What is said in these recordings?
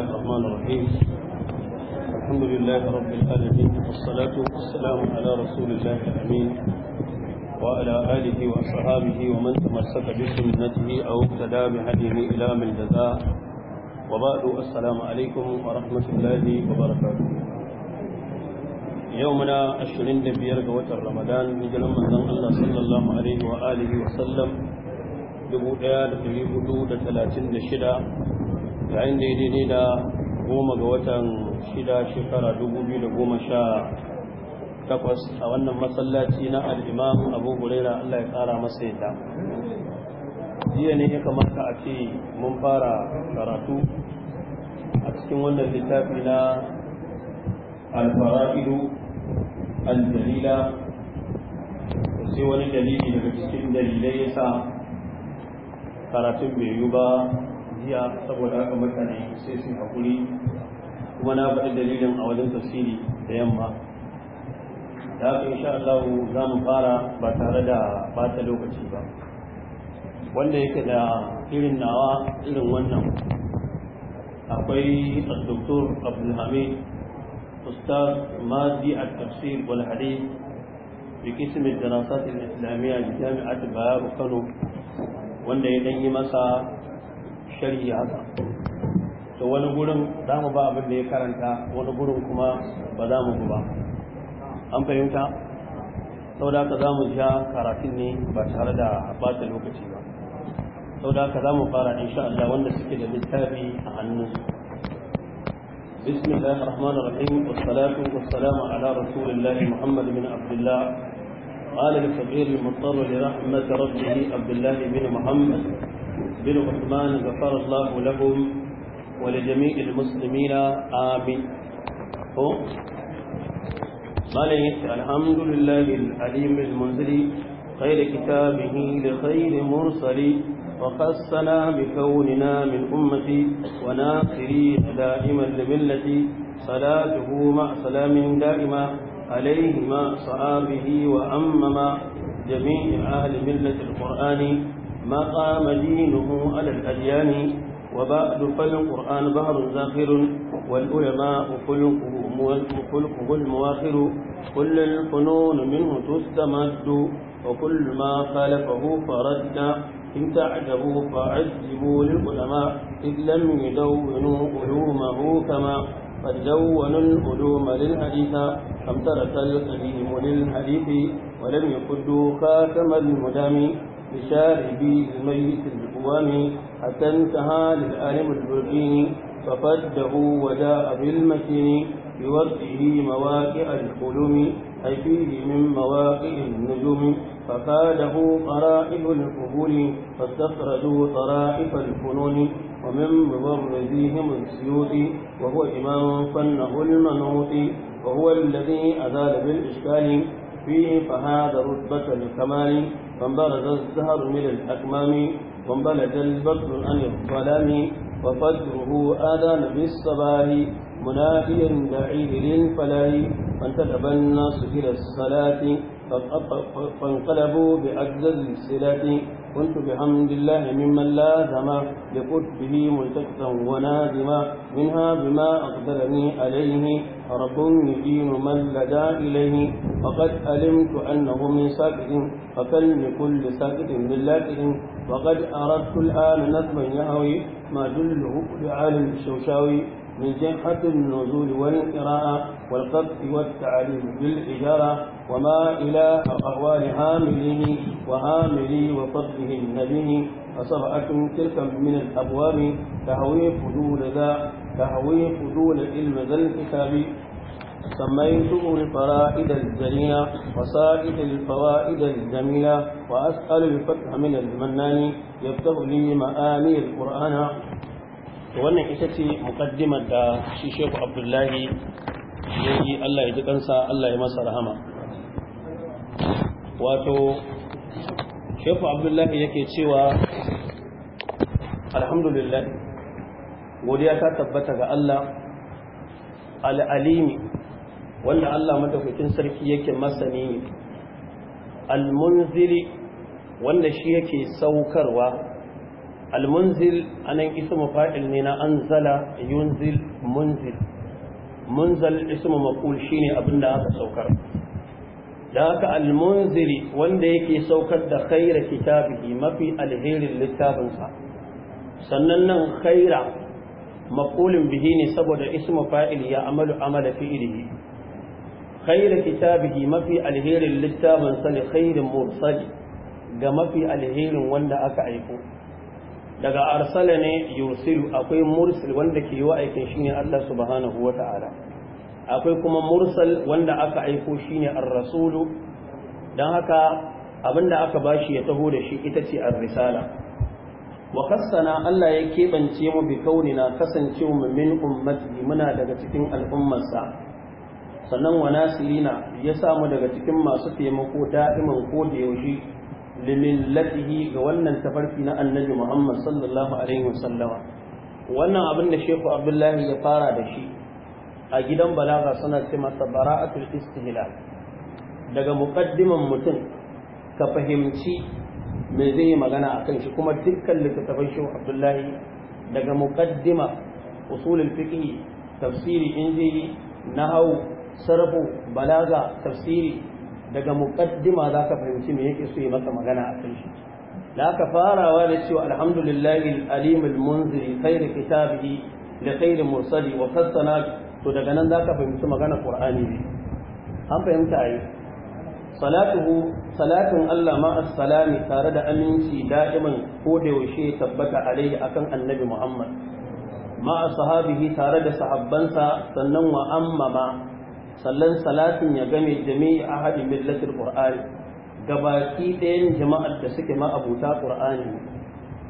الله الرحمن الرحيم الحمد لله رب العالمين والصلاة والسلام على رسول الله الأمين وعلى آله وصحابه ومن تمسك بسنته أو اقتدى بهديه إلى من جزاء وبعد السلام عليكم ورحمة الله وبركاته يومنا عشرين دبير قوة رمضان من جلم من الله صلى الله عليه وآله وسلم دبو ديار دبو دو دتلاتين yayin da ya daidai da goma ga watan shida shekara sha takwas, a wannan masallaci na al'imam abu gurera allah ya kara masa yadda jiya ne ya kamata a ce mun fara karatu a cikin wannan littafi na alfara'idu aljalila sai wani dalili daga cikin dalilai ya sa karatun bai yi ba jiya saboda haka mutane sai su haƙuri kuma na faɗi dalilin a wajen tafsiri da yamma da haka insha Allah za mu fara ba tare da bata lokaci ba wanda yake da irin nawa irin wannan akwai al-doktor abdulhamid ustaz mazi al-tafsir wal hadith بقسم الدراسات الإسلامية لجامعة بيار Kano. wanda ya danyi masa sharhi haka to wani gurin za mu ba abin da ya karanta wani gurin kuma ba za mu ba an fahimta sau da ka za mu ja karatun ne ba tare da bata lokaci ba sau da ka za mu fara insha Allah wanda suke da littafi a hannu. بسم الله الرحمن الرحيم والصلاة والسلام على رسول الله محمد بن عبد الله قال لكبير المضطر لرحمة ربه عبد الله بن محمد بن عثمان غفر الله لهم ولجميع المسلمين آمين هو مالي الحمد لله العليم المنذري خير كتابه لخير مرسلي وخصنا بكوننا من أمتي وناصري دائما لملتي صلاته مع سلام دائما عليه مع صحابه وأمما جميع أهل ملة القرآن ما قام دينه على الأديان وبعد فالقرآن بحر زاخر والعلماء خلقه المواخر كل الفنون منه تستمد وكل ما خالفه فرد إن تعجبوا فعجبوا للعلماء إذ لم يدونوا علومه كما قد دونوا العلوم للحديث كم ترك القديم للحديث ولم يقدوا خاتم المدام بشاهد الميت القوامي حتى انتهى للآلم البرقين ففده وداء بالمكين بوضعه مواقع الحلم أي فيه من مواقع النجوم فقاله قرائب القبول فاستخرجوا طرائف الفنون ومن مبرزيهم السيوط وهو إمام فنه المنوط وهو الذي أزال بالإشكال فيه فهذا رتبة الكمال فانبرز الزهر من الأكمام وانبلج البدر عن الظلام وفجره آذان في الصباح مناديا بعيد للفلاح فانتدب الناس إلى الصلاة فانقلبوا بأجزل الصلاة كنت بحمد الله ممن لازم بقربه ملتقطا ونادما منها بما أقدرني عليه رب يدين من لدى إليه وقد علمت أنه من ساكت فكل كل ساكت باللاكت وقد أردت الآن نظم يهوي ما دله لعالم الشوشاوي من جنحة النزول والقراءة والقبط والتعليم بالإجارة وما إلى أقوال هامله وهاملي وفضله النبي فصفعة تلك من الأبواب تهوي فضول ذا تهوي فضول العلم ذا الكتاب سميته الفرائد الزنية وسائد الفوائد الجميلة وأسأل الفتح من المنان يبتغ لي معاني القرآن wannan ita ce mukaddimar da shi sheku abdullahi ya yi allah ya ji kansa allah ya masa rahama wato sheku abdullahi yake cewa alhamdulillah godiya ta tabbata ga Allah al'alimi wanda Allah madaukakin sarki yake masani al-munziri wanda shi yake saukarwa al-munzil anan ismu fa'il ne na anzala yunzil munzil munzal ismu maqul shine abinda aka saukar da haka al-munziri wanda yake saukar da khaira kitabihi mafi alherin littafinsa sannan nan khaira maf'ulun bihi ne saboda ismu fa'il ya amalu amala fi'ilihi khairu kitabihi mafi alherin littafin sani li khairin mursali ga mafi alherin wanda aka aiko daga arsala ne yursilu akwai mursil wanda ke yi aikin shine Allah subhanahu wata'ala akwai kuma mursal wanda aka aiko shine ar-rasulu dan haka abinda aka bashi ya taho da shi ita ce ar-risala wa kassana Allah ya keɓance mu bi kaunina kasance mu min ummati muna daga cikin al'ummarsa sannan wa nasirina ya samu daga cikin masu taimako da'iman ko da yaushe limillatihi ga wannan tafarki na annabi Muhammad sallallahu alaihi wasallama wannan abin da Sheikhu Abdullahi ya fara da shi a gidan balaga suna ce masa bara'atul istihlal daga muqaddiman mutum ka fahimci me zai yi magana akan shi kuma dukkan littattafan shi Abdullahi daga muqaddima usulul fiqh tafsiri in nahau sarfu balaga tafsiri daga muqaddima zaka fahimci me yake so yi maka magana akan shi da farawa da cewa alhamdulillahi al-alim al-munziri khairu kitabihi li khair mursali wa fassana to daga nan zaka fahimci magana qur'ani ne an fahimta ai salatuhu salatin Allah ma as-salami tare da aminci da'iman ko da yaushe tabbata alaihi akan annabi Muhammad ma sahabihi tare da sahabbansa sannan wa amma ma sallan salatin ya game jami'i ahadi millatil qur'ani gabaki ɗayan jama'ar da suke ma abuta qur'ani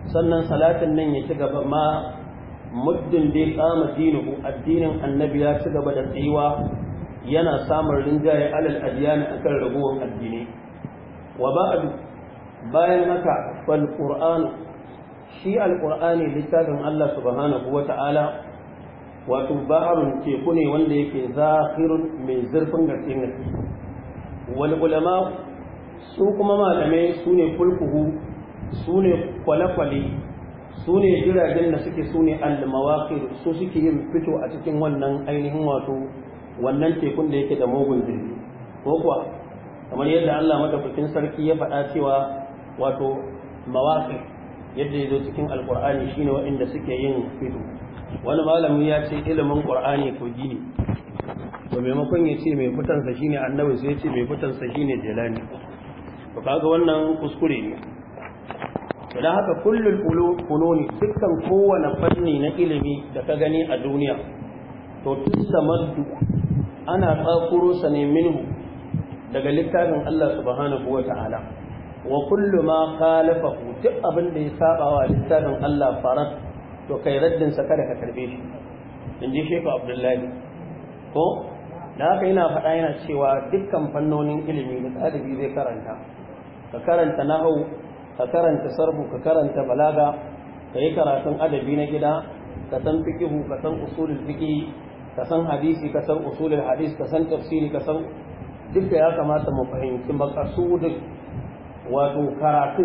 sannan salatin nan ya ci gaba ma muddin bai kama dinuhu addinin annabi ya ci gaba da tsayuwa yana samun rinjaye alal adiyani akan raguwan addini wa ba'du bayan haka fal qur'an shi alqur'ani littafin Allah subhanahu ta'ala. wato baharun teku ne wanda yake zahirun mai zurfin gaske gaske wal ulama su kuma malamai su ne fulkuhu su ne kwale-kwale su ne jiragen da suke su ne almawakir su suke yin fito a cikin wannan ainihin wato wannan tekun da yake da mugun jirgi ko kuwa kamar yadda Allah madaukakin sarki ya faɗa cewa wato mawaƙi yadda zo cikin shi shine waɗanda suke yin fito wani malami ya ce ilimin ƙur'ani ko gini to maimakon ya ce mai fitansa shine annabi sai ya ce mai fitansa shine jalani to kaga wannan kuskure ne to dan haka kullul ulumi dukkan kowane fanni na ilimi da ka gani a duniya to duk. ana tsakuro sa ne minhu daga littafin Allah subhanahu wa ta'ala wa kullu ma duk abin da ya saba wa littafin Allah farat to kai raddin sa kada ka karbe shi in ji Sheikh Abdullahi ko da haka yana faɗa yana cewa dukkan fannonin ilimi da ɗalibi zai karanta ka karanta nahau ka karanta sarfu ka karanta balaga ka yi karatun adabi na gida ka san fikihu ka san usulul fiqh ka san hadisi ka san usulul hadis ka san tafsiri ka san duka ya kamata mu fahimci maqasudin wato karatu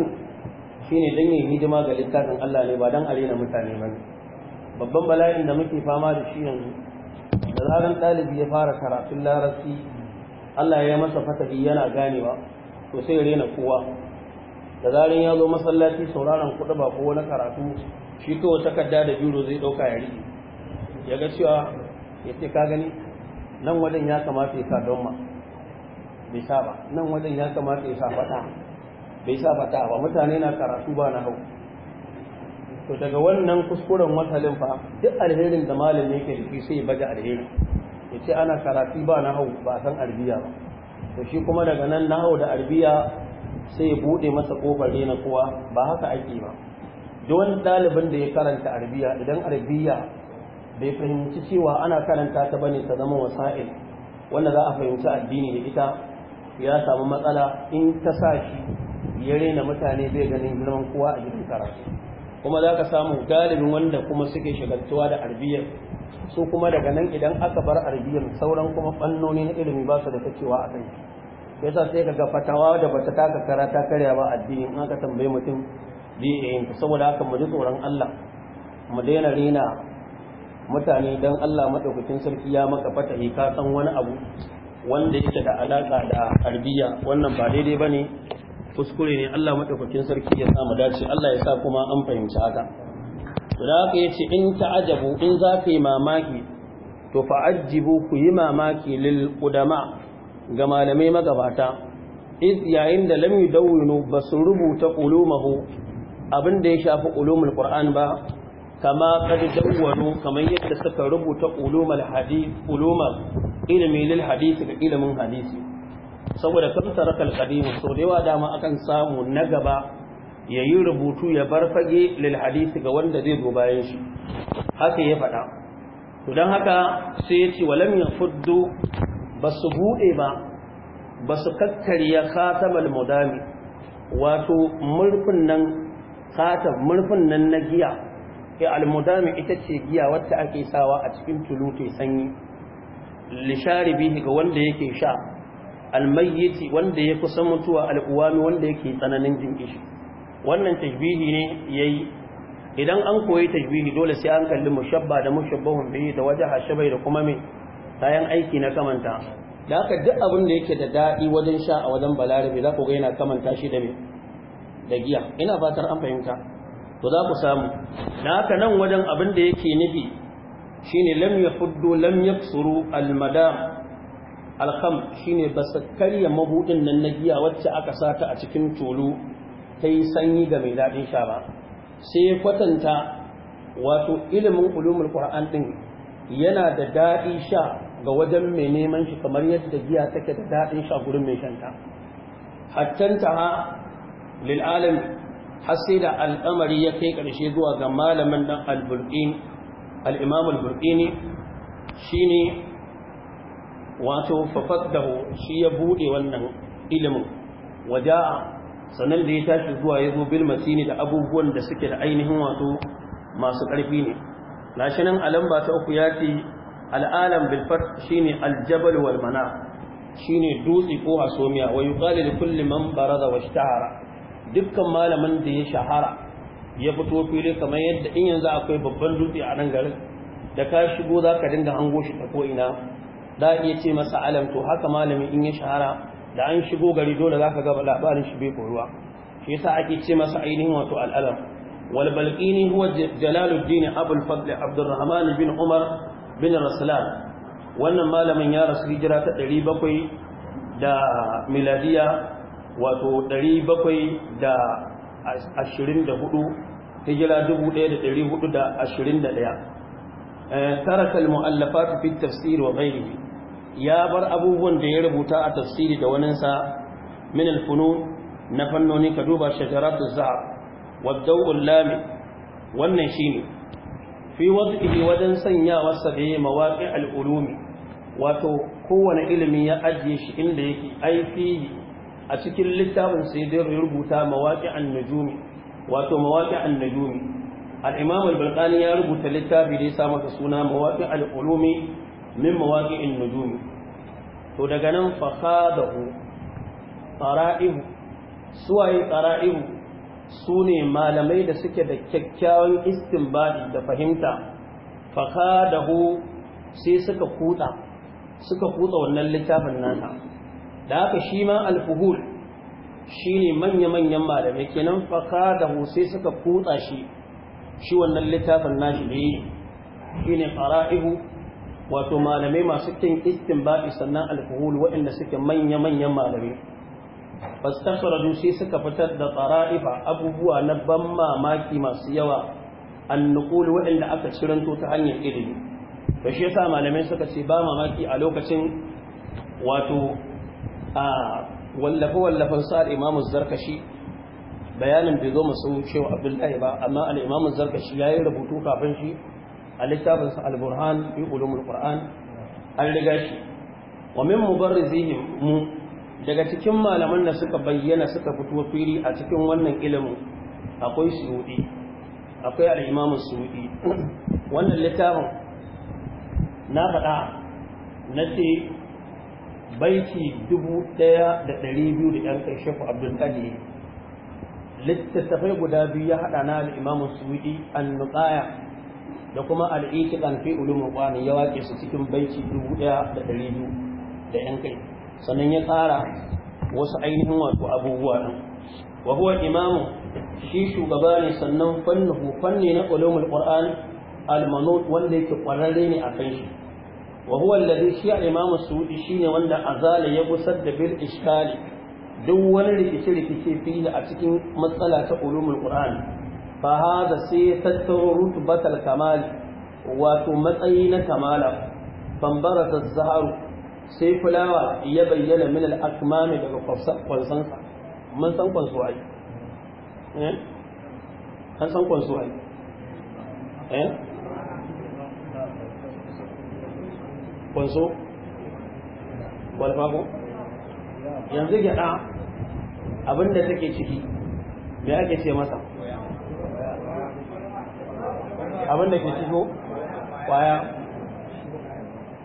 shine dan yin hidima ga littafin Allah ne ba dan arena mutane bane babban bala'in da muke fama da shi yanzu da zaran ɗalibi ya fara karatun larabci Allah ya masa fatabi yana ganewa to sai rena kowa da zaran ya zo masallaci sauraron kuɗi ba ko wani karatu shi to takarda da biro zai ɗauka ya riƙe ya ga cewa ya ce ka gani nan wajen ya kamata ya sa don ma bai sa ba nan wajen ya kamata ya sa fata bai sa fata ba mutane na karatu ba na hau to daga wannan kuskuren wasalin fa duk alherin da malami yake da sai ya baje alheri ya ce ana karatu ba na hau ba san arbiya ba to shi kuma daga nan na hau da arbiya sai ya bude masa kofar rena kowa ba haka ake ba duk wani ɗalibin da ya karanta arbiya idan arbiya bai fahimci cewa ana karanta ta bane ta zama wasa'il wanda za a fahimci addini da ita ya samu matsala in ta sa shi ya rena mutane bai ganin girman kowa a gidan karatu kuma za ka samu galibin wanda kuma suke shigantuwa da arbiyar su kuma daga nan idan aka bar arbiyar sauran kuma fannoni na ilimi ba su da kacewa a kai sa sai ka fatawa da bata taka karata karya ba addini in aka tambayi mutum zai iya yin saboda haka mu ji tsoron Allah mu daina rena mutane don Allah maɗaukacin sarki ya maka fata ka san wani abu wanda yake da alaƙa da arbiya wannan ba daidai ba ne? kuskure ne Allah maɗaukacin sarki ya sa dace Allah ya sa kuma an fahimci haka to da haka yace in ta'ajabu in za ka yi mamaki to fa'ajjibu ku yi mamaki lil qudama ga malamai magabata iz yayin da lam yudawwinu basu rubuta ulumahu abin da ya shafi ulumul qur'an ba kama kad dawwano kamar yadda suka rubuta ulumul hadith ulumul ilmi lil hadith da hadisi saboda kam tarakal qadim so da yawa dama akan samu na gaba yayi rubutu ya bar fage lil hadith ga wanda zai zo bayan shi haka ya faɗa to dan haka sai ya ce walam ba su buɗe ba basu kakkarya khatamal mudami wato murfin nan khatam murfin nan na giya kai almudami ita ce giya wacce ake sawa a cikin Tulu ta sanyi lisharibihi ga wanda yake sha almayyiti wanda ya kusa mutuwa al'uwami wanda yake tsananin jinki wannan tashbihi ne yayi idan an koyi tashbihi dole sai an kalli mushabba da mushabbahun bihi da wajaha shabai da kuma me kayan aiki na kamanta da haka duk abin da yake da daɗi wajen sha a wajen balarabe za ku ga yana kamanta shi da me da giya ina fatar an fahimta to za ku samu da haka nan wajen abin da yake nufi shine lam yahuddu lam yaksuru almadam alkham shine ba su karya mabudin nan na giya wacce aka sata a cikin tulu ta yi sanyi ga mai daɗin sha ba sai kwatanta wato ilimin ulumul qur'an din yana da daɗi sha ga wajen mai neman shi kamar yadda giya take da daɗin sha gurin mai shanta hattanta ha lil har sai da al'amari ya kai ƙarshe zuwa ga malamin nan al-bulqin al-imam al-bulqini shine shi ya buɗe wannan ilimin waja'a sanan da ya tashi zuwa yazo bil ne da abubuwan da suke da ainihin wato masu ƙarfi ne gashi nan a ta uku ya ce al'alam Bilfat shi shine al wal mana dutse ko hasomiya wa yuqalu li kulli man barada dukkan malamin da ya shahara ya fito fili kamar yadda in yanzu akwai babban dutse a nan garin da ka shigo za ka dinga hango shi ta ko'ina za a iya ce masa alam to haka malamin in ya shahara da an shigo gari dole za ka gaba labarin shi bai koruwa shi yasa ake ce masa ainihin wato al'alam wal balqini huwa jalaluddin abul fadl abdurrahman bin umar bin raslan wannan malamin ya rasu hijira ta 700 da miladiya wato 724 hijira 1421 taraka al-mu'allafat fi tafsir wa ghayrihi ya bar abubuwan da ya rubuta a tafsiri da sa min al na fannoni ka duba shajaratuz zahab wa dawul lami wannan shine fi wad'ihi wajen sanyawa sabi mawaqi al-ulumi wato kowane ilimi ya ajiye shi inda yake ai fi a cikin littafin sai dai rubuta mawaqi'an nujumi wato mawaqi'an nujumi al-imam al-balqani ya rubuta littafi da ya sa masa suna mawaqi'al ulumi min mawaqi'in nujumi to daga nan fa khadahu qara'ihu suwaye qara'ihu sune malamai da suke da kyakkyawan istinbadi da fahimta da khadahu sai suka kuta suka kuta wannan littafin nasa da haka shi ma alfuhul shi ne manya-manyan malamai kenan faka da sai suka kutsa shi shi wannan littafin nashi da yi shi ne fara'ihu wato malamai masu kin istin ba'i sannan alfuhul waɗanda suke manya-manyan malamai fastasaradu sai suka fitar da fara'ifa abubuwa na ban mamaki masu yawa annukul waɗanda aka ciranto ta hanyar ilimi da shi yasa malamai suka ce ba mamaki a lokacin wato a wallafe-wallafen sa al'imamu zarkashi bayanin bai zo masu cewa abdullahi ba amma al'imamu zarkashi ya yi rubutu kafin shi a littafinsa al-burhan yi ulumul qur'an an riga shi wa min mubarrizihim mu daga cikin malaman da suka bayyana suka fito fili a cikin wannan ilimin akwai suyudi akwai al-imamu wannan littafin na faɗa na ce baiti dubu ɗaya da ɗari biyu da ‘yan kai abdul abdulkadi littattafai guda biyu ya haɗa na al'imamun suwidi an nuƙaya da kuma al'iki ɗan fi ulumin ƙwani ya waƙe su cikin baiti dubu ɗaya da ɗari biyu da ‘yan kai sannan ya tsara wasu ainihin wato abubuwa ɗin wa huwa imamu shi shugaba ne sannan fannuhu fanni na ulumul qur'an al-manut wanda yake ƙwararre ne a kan shi wa huwa shi a imam as-suudi shine wanda azala ya gusar da bil iskali duk wani rikice rikice fili a cikin matsala ta ulumul qur'an fa hada sai tattaru Batar kamal wato matsayi na kamala fambarata az-zaharu sai fulawa ya bayyana min al-akmam daga kwansan mun san kwansu ai eh? an san kwansu ai eh? kwanso walfago yanzu gyada abinda take ciki me ake ce masa abinda ke ciko kwaya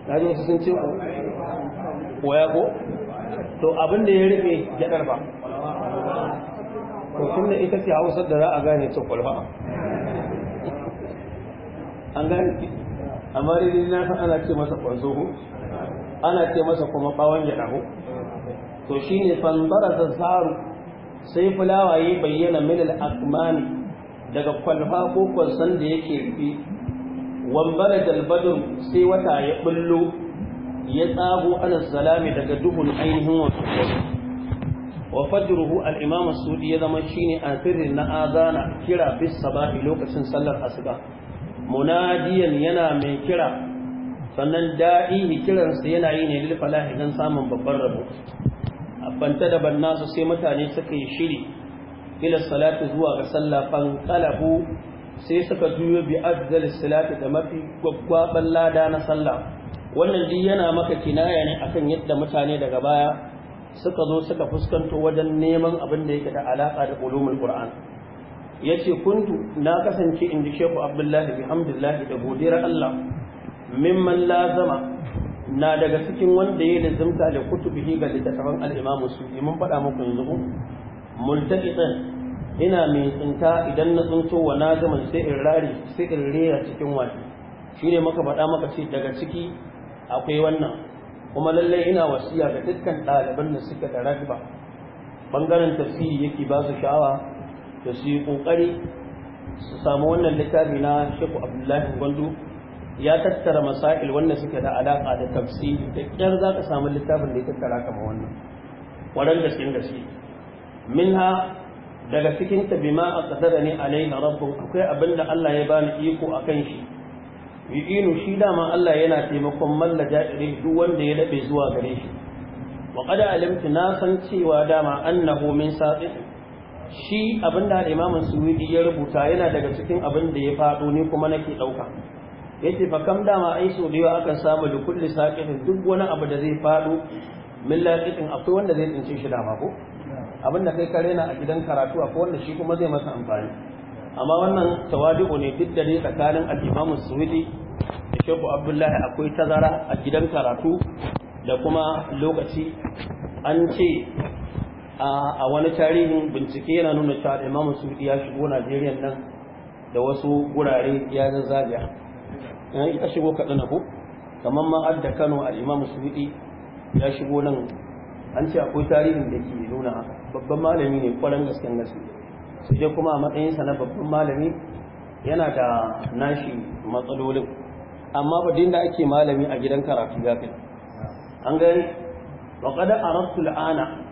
na ji wasu sun ce kwaya ko to abinda ya rufe gyadar ba to da ita ce hausar da za a gane ta kwalfa an gane amma rini na san ana ce masa kwanzo ko ana ce masa kuma bawon ya dago to shine fandara da zaru sai fulawa ya bayyana min al-akmani daga kwalfa ko kwansan da yake rufi wambara dalbadun sai wata ya bullo ya tsago ana salami daga duhun ainihin wasu wa fajruhu al-imam sudi ya zama shine asirin na azana kira bis sabahi lokacin sallar asuba munadiyan yana mai kira sannan da'i kiransa yana yi ne lil falahi dan samun babbar rabo abanta da banna su sai mutane suka yi shiri ila salatu zuwa ga sallah fan sai suka juyo bi afdal salati da mafi gwaggwaban lada na sallah wannan duk yana maka kinaya ne akan yadda mutane daga baya suka zo suka fuskanto wajen neman abin da yake da alaka da ulumul qur'an ya ce kuntu na kasance in ji shehu abdullahi bihamdullahi da godiyar allah mimman lazama na daga cikin wanda ya lazimta da kutu bihi ga littattafan al'imamu su yi mun faɗa muku yanzu ku multaƙitan ina mai tsinta idan na tsinto wa na zama sai in rari sai in rera cikin wani shi ne muka faɗa maka ce daga ciki akwai wannan kuma lallai ina wasiya ga dukkan ɗaliban da suka da ragba ɓangaren tafsiri yake ba su sha'awa da su yi kokari su samu wannan littafi na Sheikh Abdullahi Gwandu ya tattara masail wanda suke da alaka da tafsiri da kyar za ka samu littafin da ya tattara kama wannan waran gaske gaske minha daga cikin ta bima ne ni alaina rabbu akwai abinda Allah ya bani iko a kan shi yu'inu shi dama Allah yana taimakon mallaja irin duk wanda ya daɓe zuwa gare shi wa qad alimtu na san cewa dama annahu min sa'iq shi abin da alimamin suwidi ya rubuta yana daga cikin abin da ya faɗo ne kuma nake ɗauka yace fa kam dama ai so da akan samu da kulle saqitin duk wani abu da zai faɗo min laqitin akwai wanda zai tsince shi dama ko abin da kai kare na a gidan karatu akwai wanda shi kuma zai masa amfani amma wannan tawadi'u ne duk da ne tsakanin alimamin suwidi da shehu abdullahi akwai tazara a gidan karatu da kuma lokaci an ce a wani tarihin bincike yana nuna cewa imamu suɗi ya shigo najeriya nan da wasu gurare ya zazzabiya ya shigo kaɗana ko kamar ma'ad da kano a imamu suɗi ya shigo nan an ce akwai tarihin da ke nuna babban malami ne kwaran gasken gaske su je kuma a matsayinsa na babban malami yana da nashi matsalolin amma ba da ake malami a gidan karatu ya kai an gani wa qad aradtu al'ana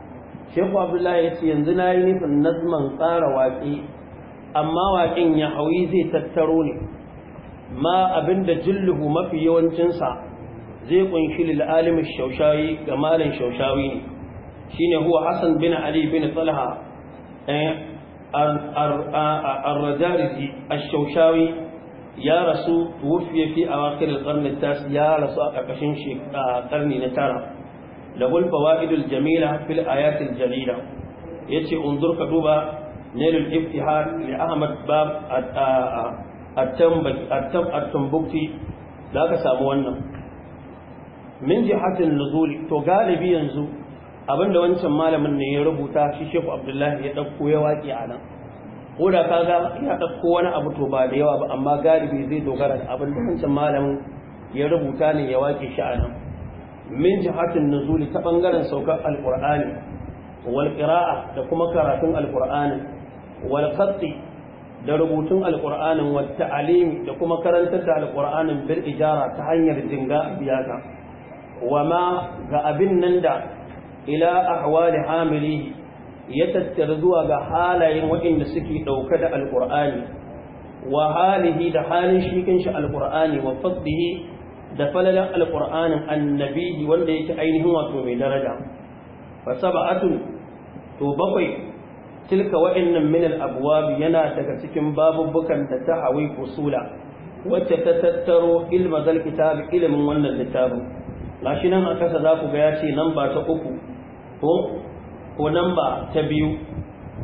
shehu abdullahi ya ce yanzu na yi nufin nazman tsara waƙe amma waƙin ya hauyi zai tattaro ne ma abin abinda jilluhu mafi yawancinsa zai ƙunshi lil'alimin shaushawi ga malin shaushawi ne shine huwa hassan bin ali bin talha الرجارجي eh, الشوشاوي a رسول a في أواخر ya التاسع a رسول a karni na tara. له الفوائد الجميلة في الآيات الجليلة يتي انظر كدوبا نيل الافتحاء لأحمد باب التنبكتي لا تسامونا من جهة النزول تو غالبي ينزو abinda wancan malamin ne ya rubuta shi Sheikh Abdullahi ya dauko ya waki anan ko da kaga ya dauko wani abu to ba da yawa ba amma galibi zai dogara da abinda wancan malamin ya rubuta ne ya wake shi anan min jihatin nuzuli ta bangaren saukar alqur'ani wal qira'a da kuma karatun alqur'ani wal qatti da rubutun alqur'anin wal ta'alim da kuma karantar da alqur'anin bil ijara ta hanyar jinga biyaka wama ga abin nan da ila ahwali hamilihi ya tattara zuwa ga halayen waɗanda suke ɗauka da Alƙur'ani, wa halihi da halin shi kanshi alqur'ani wa fadlihi da falalin alqur'anin annabi wanda yake ainihin wato mai daraja fa sab'atun to bakwai tilka wa'annan min al-abwab yana daga cikin babubukan da ta hawi usula wacce ta tattaro ilma zal kitab ilmin wannan littafin gashi nan a kasa za ku ga ya ce namba ta uku ko ko namba ta biyu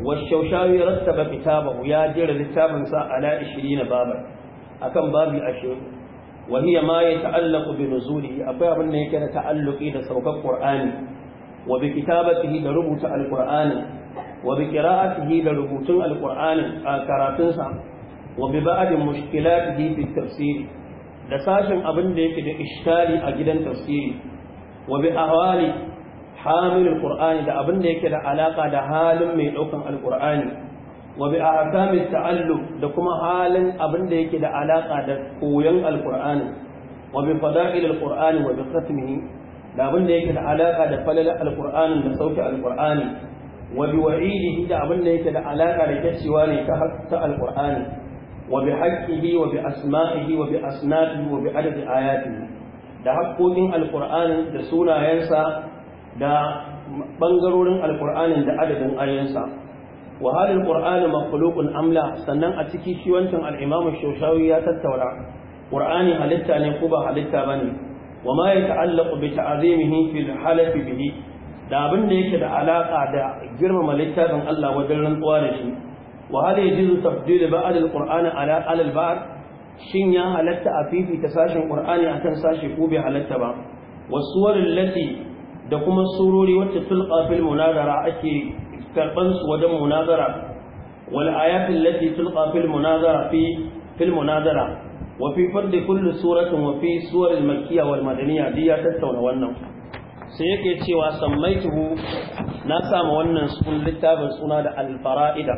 washawshawi rattaba kitabahu ya jira littafin sa ala 20 baban akan babi 20 wa ya ma yata'allaqu bi nuzulihi akwai abin da yake da ta'alluqi da saukar qur'ani wa bi kitabatihi da rubuta alqur'ani wa bi qira'atihi da rubutun alqur'ani a karatunsa wa ba'adin ba'd mushkilatihi da sashin abin da yake da ishtali a gidan tafsiri wa awali ahwali hamil da abin da yake da alaka da halin mai daukan alqur'ani wa bi ahkami ta'allum da kuma halin abin da yake da alaka da koyon alqur'ani wa bi fada'il alqur'ani wa bi khatmihi da abin da yake da alaka da falal alqur'ani da sauki alqur'ani wa bi wa'idihi da abin da yake da alaka da kacewa ne ta hakka alqur'ani wa bi haqqihi wa bi asma'ihi wa bi asnafihi wa bi adadi ayatihi da haƙƙoƙin alqur'ani da sunayensa da bangarorin alqur'ani da adadin ayansa wa halin qur'ani makhluqun amla sannan a ciki shi wancan al'imamin imam shaushawi ya tattauna qur'ani halitta ne ko ba halitta bane wa ma yata'allaqu bi ta'zimihi fil halafi bihi da abin da yake da alaƙa da girmama littafin Allah wajen rantsuwa da shi wa hal jizu tafdil ba'd al-qur'ani ala shin ya halatta a fifita sashen ƙur'ani akan sashe ko bai halatta ba wasuwar lati da kuma surori wacce tulqa fil munazara ake karban su wajen munazara wal ayatin lati tulqa fil munazara fi fil munazara wa fi fadli kulli suratin wa fi suwar makkiyya wal madaniyya ya tattauna wannan sai yake cewa sammaituhu na samu wannan sun littafin suna da alfara'ida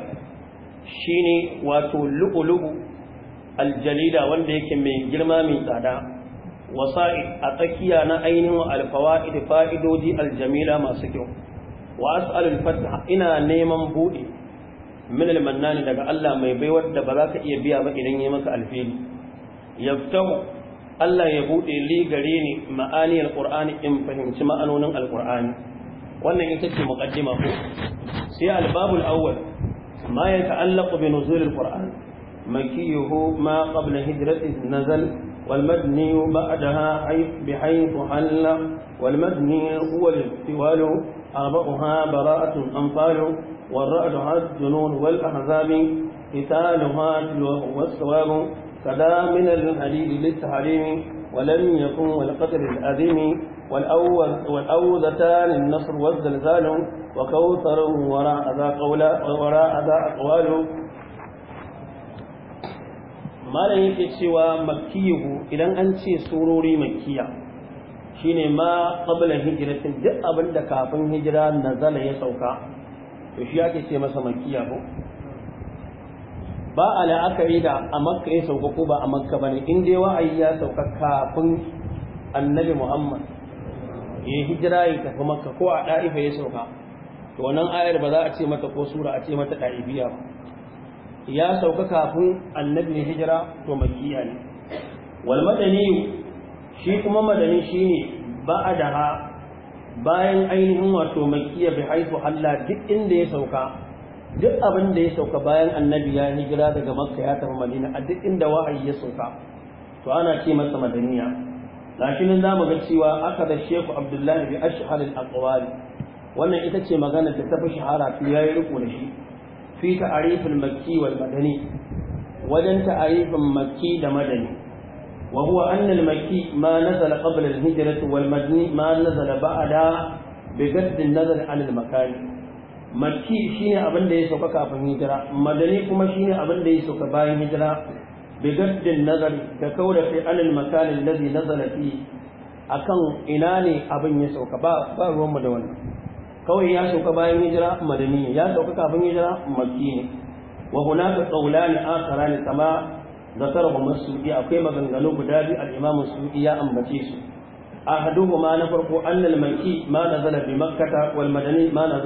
shine wato lu'ulu'u aljalida wanda yake mai girma mai tsada wasa'id a tsakiya na ainihin alfawa'id fa'idodi aljamila masu kyau wa as'alul fatha ina neman buɗe min al-mannani daga Allah mai baiwar da ba za ka iya biya ba idan ya maka alfili yaftahu Allah ya buɗe li gare ni ma'ani al-qur'ani in fahimci ma'anonin al-qur'ani wannan ita ce muqaddima ko sai al-babul awwal ma yata'allaqu bi nuzul al-qur'an makiyuhu ma qabla hijratihi nazal والمبني بعدها بحيث حل والمبني هو الاستوال أربعها براءة الأنفال والرأدها الجنون والأحزاب قتالها والثواب فدا من الحديد للتحريم ولم يكن والقتل الأديم والأوذتان النصر والزلزال وكوثر وراء ذا قولا وراء ذا أقوال ما لا يكي سوى مكيه إلى أن تي سوروري مكيه shine ma qabla hijratin duk abin da kafin hijira nazala ya sauka to shi yake ce masa makkiya ko ba a la'akari da a makka ya sauka ko ba a makka bane in dai wa'ayi ya sauka kafin annabi muhammad ya hijira ya tafi makka ko a da'ifa ya sauka to wannan ayar ba za a ce mata ko sura a ce mata da'ibiya ba ya sauka kafin annabi ya hijira to makkiya ne wal madani shi kuma madani shine ba'adaha bayan ainihin wato makiya bai haifu Allah duk inda ya sauka duk abin da ya sauka bayan annabi ya hijira daga makka ya tafi madina a duk inda wahayi ya sauka to ana ce masa madaniya lashi nan zamu ga cewa aka da shehu abdullahi bi ashhar al wannan ita ce magana da ta fi shahara fi yayi riko da shi fi ta'rif arifin makki wal madani wajen arifin makki da madani وهو أن المكي ما نزل قبل الهجرة والمدني ما نزل بعدها بقد النظر عن المكان makki shine abin da ya sauka kafin hijira madani kuma shine abin da ya sauka bayan hijira bi gaddin nazari da kaura fi alal makan allazi nazala fi akan ina ne abin ya sauka ba ruwan mu kawai ya sauka bayan hijira madani ya sauka kafin hijira makki ne wa hunaka qawlan akharan kama Nasarar Homsu su ya akwai maganganu guda biyu a imamomsu ya ambaci su. A Hadohu ma na farko. Annar Manki ma na zala bi makkata, walmadani ma a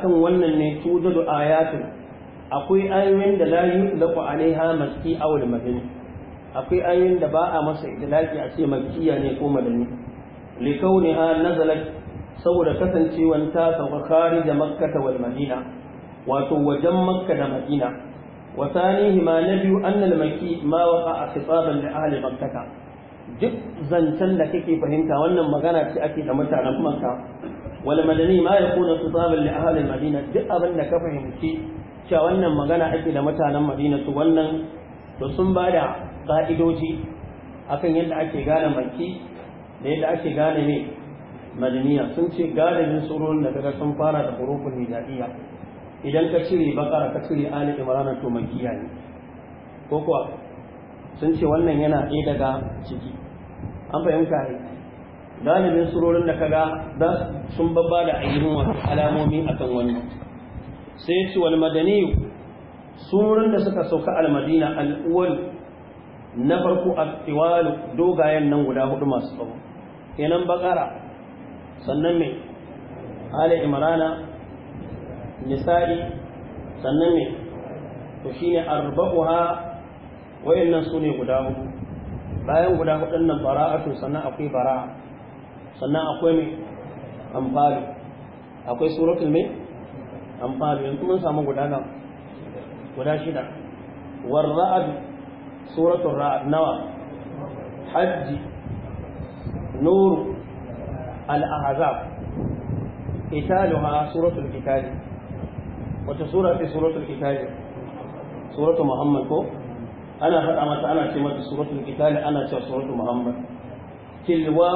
can wannan ne, tuƙa du'a ya shiru. Akwai anyan da layinku na ku anai ha maski a wani magani. Akwai anyanda ba a masa ita lafiya ce mabciyane ko madani. Likauniya na zala saboda kasancewan ta sauƙaƙari da makkata walmadina, wato wajen makka da madina. وثانيهما نبي أن المكي ما وقع خطابا لأهل مكة duk zancen da kake fahimta wannan magana ce ake da mutanen makka wal madani ma yakuna khitaban li ahli madina duk abin ka fahimci cewa wannan magana ake da mutanen madina wannan to sun bada ka'idoji kan yadda ake gane makki da yadda ake madaniya sun ce galibin surorin da sun fara da hurufun hijaiya idan ka cire bakara ka cire ali imran to makiya ne ko kuwa sun ce wannan yana ɗaya daga ciki an fahimta ne galibin surorin da kaga da sun babba da wasu alamomi akan wannan sai su wal madani surorin da suka sauka al madina na farko a tiwalu dogayen nan guda hudu masu tsawo kenan bakara sannan mai ali imrana nisa'i sannan ne to shine arba'uha wayannan su ne guda hudu bayan guda hudun nan bara'atu sannan akwai bara'a sannan akwai mai amfani akwai suratul mai amfani yanzu mun samu guda nan guda shida war ra'ad suratul ra'ad nawa hajji nuru al-ahzab italuha suratul qitali wata sura ce suratul kitabi suratul muhammad ko ana faɗa mata ana ce mata suratul kitabi ana ce suratul muhammad tilwa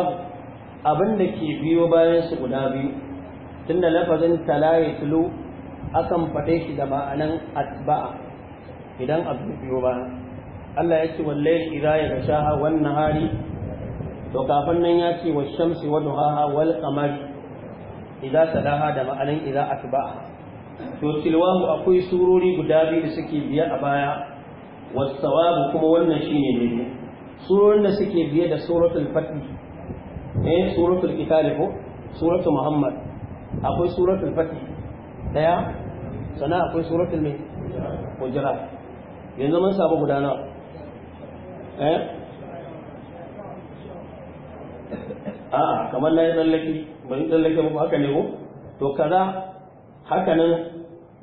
abin da ke biyo bayan su guda biyu tunda lafazin talaye tulu akan faɗe shi da ma'anan atba'a idan abu biyo ba Allah ya ce wallahi idza yaghshaha wan nahari to kafin nan ya ce wa shamsi wa duhaha wal qamari idza talaha da ma'anan idza atba'a to tilwahu akwai surori guda biyu da suke biya a baya wasawabu kuma wannan shine ne surorin da suke biye da suratul fatih eh suratul kitab ko suratul muhammad akwai suratul fatih daya sana akwai suratul me hujurat yanzu mun samu guda nawa eh a kamar na yi tsallaki Ban yi tsallake ba haka ne ko to kaza هكذا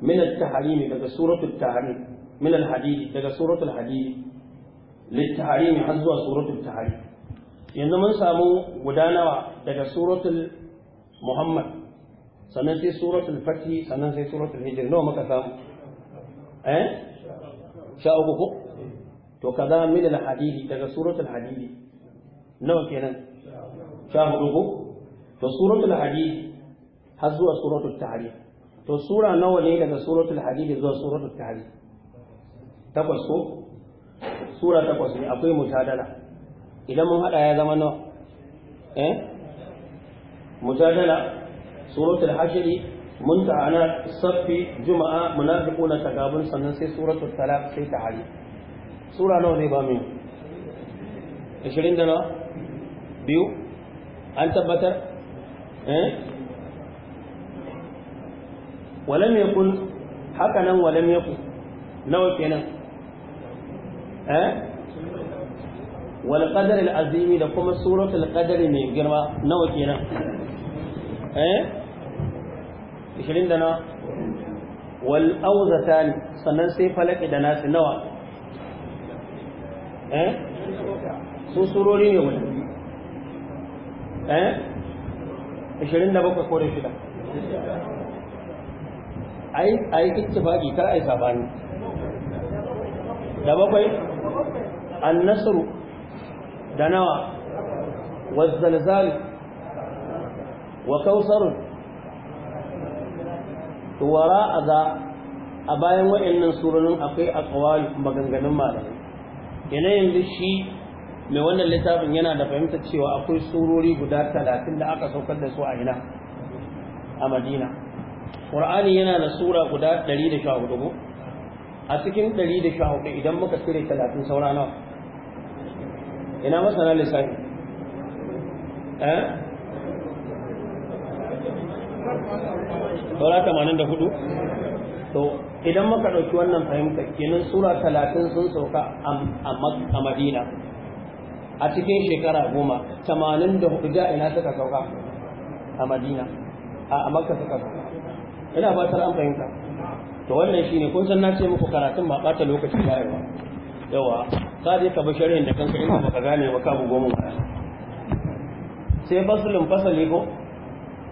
من التحريم دغ سورة التحريم من الحديد دغ سورة الحديد للتحريم حزوا سورة التحريم يعني من سامو ودانا دغ سورة محمد سننسي سورة الفتح سننسي سورة الهجر نو مكا سامو شاء الله تو كذا من الحديد دغ سورة الحديد نو نعم، كينا شاء الله تو سورة الحديد حزوا سورة التحريم to sura nawa ne daga suratul hadid zuwa suratul tahrim takwas ko sura takwas ne akwai mujadala idan mun hada ya zama nawa eh mujadala suratul hashr muntaha na saffi juma'a munafiquna tagabun sannan sai suratul talaq sai tahrim sura nawa ne ba mu 20 da nawa biyu an tabbatar eh walam yakun haka nan walam yakun nawa kenan eh wal al azimi da kuma suratul qadar mai girma nawa kenan eh 20 da nawa wal awzatan sannan sai falaki da nasi nawa eh su surori ne wani eh 27 ko 6 ai ai ittifaqi kar yi sabani da bakwai an-nasr da nawa waz wa kawsar wara za a bayan wayannan surorin akwai aqwal maganganun malamai yana yanzu shi mai wannan littafin yana da fahimtar cewa akwai surori guda talatin da aka saukar da su a ina a Madina qur'ani yana da sura guda 114 a cikin 114 idan muka cire 30 saura nawa ina masana lissafi eh 84 to idan muka ɗauki wannan fahimta kenan sura 30 sun sauka a madina a cikin shekara goma tamanin da ina suka sauka a madina a makka suka sauka ina ba ta an fahimta to wannan shine kun san na ce muku karatun ba bata lokaci bayarwa yawa ka je ka bashar da kanka in ba ka gane ba ka bugo mun sai faslun fasali ko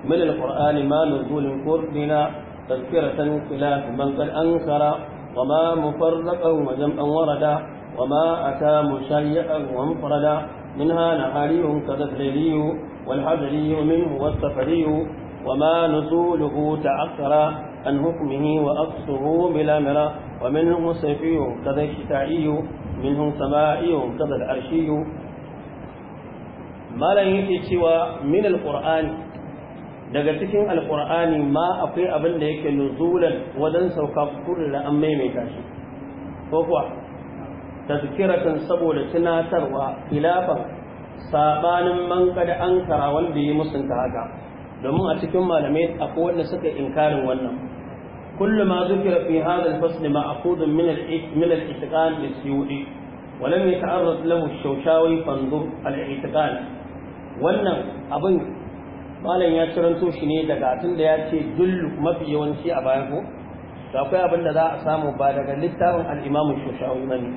min alquran ma nuzulul qur'ana tazkiratan ila man qad ankara wa ma mufarraqan wa jam'an warada wa ma ata mushayyan wa mufrada منها نهاري كذا والحجري منه والسفري وما نزوله تعثر عن حكمه وأقصه بلا مرى ومنهم صيفي كذا الشتائي منهم سمائي كذا العرشي ما لا يكي سوى من القرآن daga cikin alkur'ani ma akwai abin da yake nuzulan wajen sauka kullum an maimaita shi ko kuwa tazkiratan saboda tunatarwa khilafan sabanin man kada ankara wanda yi musunta haka domin a cikin malamai akwai wanda suka inkarin wannan kullu ma zukira fi hadha al-fasl ma'qudun min al-min al-i'tiqan lis-suyudi wa lam yata'arrad lahu ash-shawshawi fanzur al-i'tiqan wannan abin malam ya karanto shi ne daga tun da ya ce dullu mafi yawanci a baya ko da akwai abin da za a samu ba daga littafin al-imamu shawshawi bane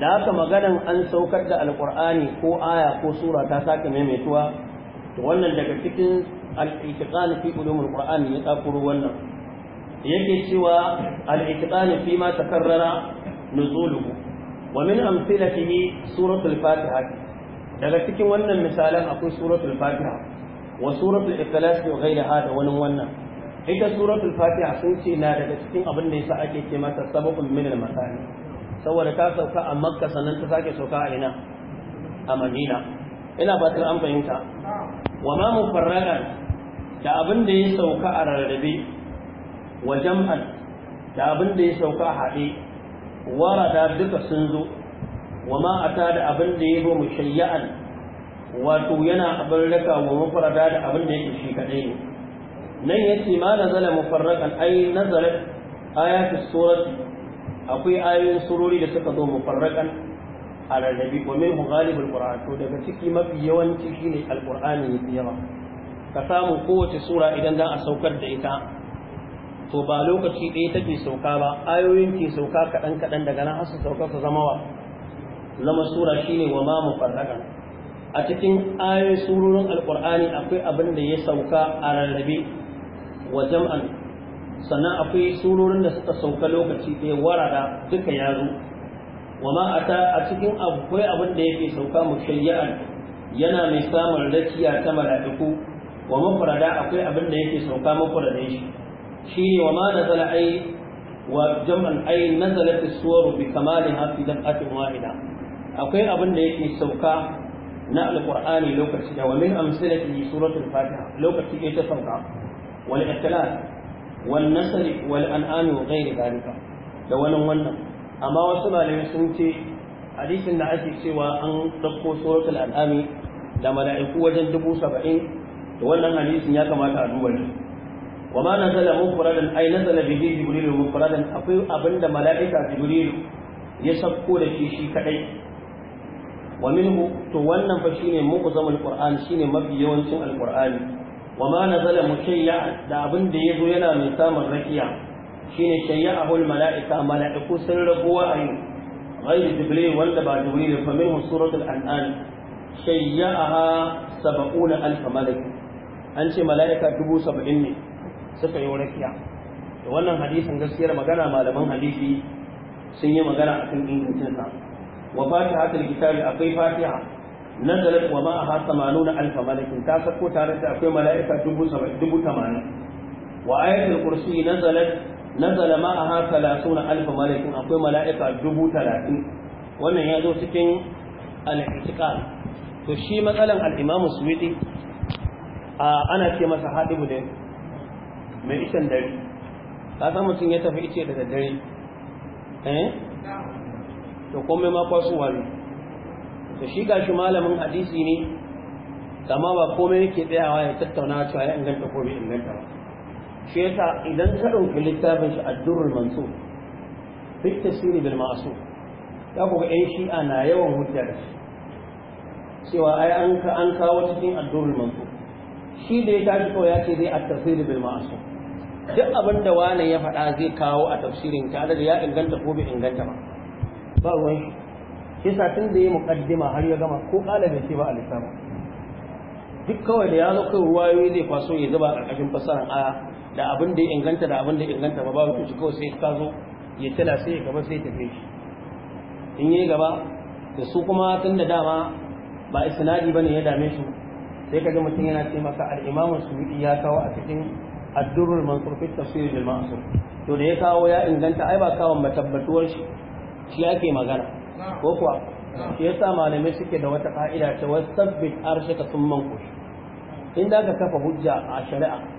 da haka maganan an saukar da alkur'ani ko aya ko sura ta sake maimaituwa to wannan daga cikin al-i'tiqan fi ulum al-qur'an ya tsakuro wannan yake cewa al-i'tiqan fi ma takarrara wa min suratul fatiha daga cikin wannan misalan akwai suratul fatiha wa suratul ikhlas da ghayraha da wani wannan ita suratul fatiha sun ce na daga cikin abin da yasa ake ce mata sababun min al-masani saboda ta sauka a makka sannan ta sake sauka a ina a madina ina ba an fahimta wa ma mufarraran da abin da ya sauka a rarrabe wa jam'an da abin da ya sauka a haɗe warada duka sun zo wa ma ata da abin da ya zo mushayya'an wato yana abin raka wa mufarrada da abin da ya shi kaɗai ne nan yace ma nazala mufarrakan ai nazarat Ayatu surati akwai ayoyin surori da suka zo mufarrakan a rarrabi wa min ghalibul daga ciki mafi yawanci shine alqur'ani yafi yawa ka samu kowace sura idan za a saukar da ita to ba lokaci ɗaya take sauka ba ayoyin ke sauka kaɗan kaɗan daga na har su zama wa zama sura shine wa ma mufarraqan a cikin ayoyin surorin alqur'ani akwai abin ya sauka a rarrabe wa jam'an sannan akwai surorin da suka sauka lokaci ɗaya warada duka ya wama ata a cikin akwai abin da yake sauka mu mushayya'an yana mai samun rakiya ta mala'iku wa mafrada akwai abin da yake sauka mafradan shi Shi ne wama nazala ai wa jam'an ai nazalat as-suwar bi kamaliha fi daf'atin wahida akwai abin da yake sauka na alqur'ani lokaci da wa min amsalati suratul fatiha lokaci ke ta sauka wal ikhtilaf wal nasr wal an'am wa ghairi dhalika da wannan wannan amma wasu malamai sun ce hadisin da ake cewa an ɗauko suratul al'ami da mala'iku wajen dubu saba'in da wannan hadisin ya kamata a duba ne wa ma nazala mufradan ay nazala bihi jibril mufradan akwai abinda mala'ika jibril ya sabko da shi shi kadai wa minhu to wannan fa shine muqzamul qur'an shine mafi yawancin alqur'ani wa ma nazala mushayya da abin da yazo yana mai samun rakiya Shi ne a shayya'ahul mala'ika mala'iku sun rabu wa'ayi ghayr jibril wanda ba jibril fa minhu suratul a shayya'aha 70 alf malak an ce mala'ika dubu saba'in ne suka yi rakiya Da wannan hadisin gaskiyar magana malaman hadisi sun yi magana akan ingancin sa wa fatihatul kitabi akwai fatiha nazalat wa ma'a ma'aha 80 alf malak ta sako tare da akwai mala'ika dubu dubu saba'in, tamanin. wa ayatul kursi nazalat Na nazala ma'aha 30000 mala'ikun akwai mala'ika 30 wannan ya zo cikin al-i'tiqad to shi matsalan al-imamu suwidi ana ce masa hadibu da mai ishan dare ka san mutum ya tafi ice da daddare eh to komai ma kwasu wani to shi gashi malamin hadisi ne amma ba komai yake tsayawa ya tattauna cewa ya inganta ko bai inganta ba shi idan ka ɗauki littafin shi addurul mansur fi tasiri bil ma'sur za ku ga shi shi'a na yawan hujja da shi cewa ai an ka an kawo cikin addurul mansur shi da ya tashi ko ya ce dai a tafsiri bil ma'sur duk abin da wani ya faɗa zai kawo a tafsirin tare da ya inganta ko bai inganta ba ba ruwan shi shi sa tun da ya muqaddima har ya gama ko kala bai ce ba a lissafa duk kawai da ya zo kai ruwayoyi zai kwaso ya zuba a ƙarƙashin fasaran aya da abin da ya inganta da abin da ya inganta ba babu shi kawai sai ka zo ya tana sai ya gaba sai tafi shi in yi gaba da su kuma tun da dama ba isnadi bane ya dame su sai kaga mutum yana ce maka al-imamu suyuti ya kawo a cikin ad-durrul mansur fi tafsir al-ma'sur to da ya kawo ya inganta ai ba kawon matabbatuwar shi shi ake magana ko kuwa shi yasa malamai suke da wata ka'ida ta wasabbit arshaka sun kush in inda ka kafa hujja a shari'a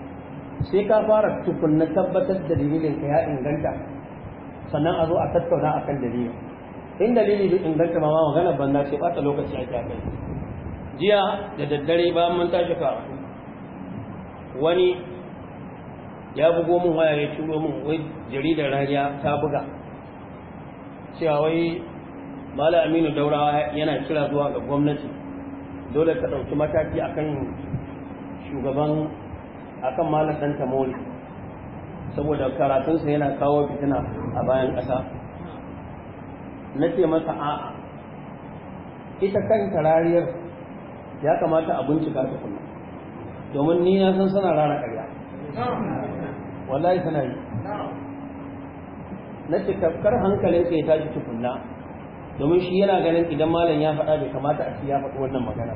sai ka fara tukunna tabbatar da dalilin ka ya inganta sannan a zo a tattauna akan dalilin in dalili bai inganta ma magana banda ce bata lokaci a akai jiya da daddare ba mun tashi fara. wani ya bugo min waya ya turo min wai jaridar rariya ta buga cewa wai mala aminu daurawa yana kira zuwa ga gwamnati dole ka ɗauki mataki akan shugaban akan malam dan tamori saboda karatunsa yana kawo fitina a bayan ƙasa na ce masa a'a ita kanta rariyar ya kamata a bincika ta kuma domin ni na san suna rana ƙarya wallahi sana yi na ce tafkar hankalin ka ya tashi tukunna domin shi yana ganin idan malam ya faɗa bai kamata a ci ya faɗi wannan magana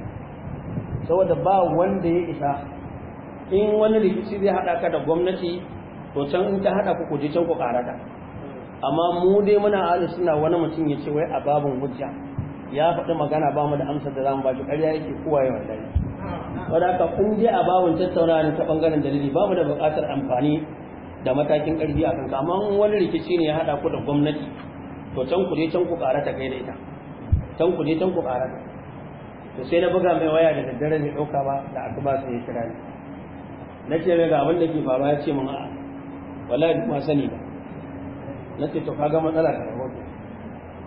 saboda ba wanda ya isa in wani rikici zai haɗa ka da gwamnati to can in ta haɗa ku ku je can ku ƙarata amma mu dai muna ahli suna wani mutum ya ce wai a babin hujja ya faɗi magana ba mu da amsar da zamu shi ƙarya yake kowa ya wallahi wanda ka kun je a babin tattaunawa ne ta bangaren dalili ba mu da buƙatar amfani da matakin ƙarfi a kanka amma wani rikici ne ya haɗa ku da gwamnati to can ku je can ku ta kai da ita can ku je can ku ta, to sai na buga mai waya da daddare ne ɗauka ba da aka ba su ya kira ni na ce mai ga abin ke faruwa ya ce mun a'a wallahi duk ma sani ba na to kaga matsala ta rahoto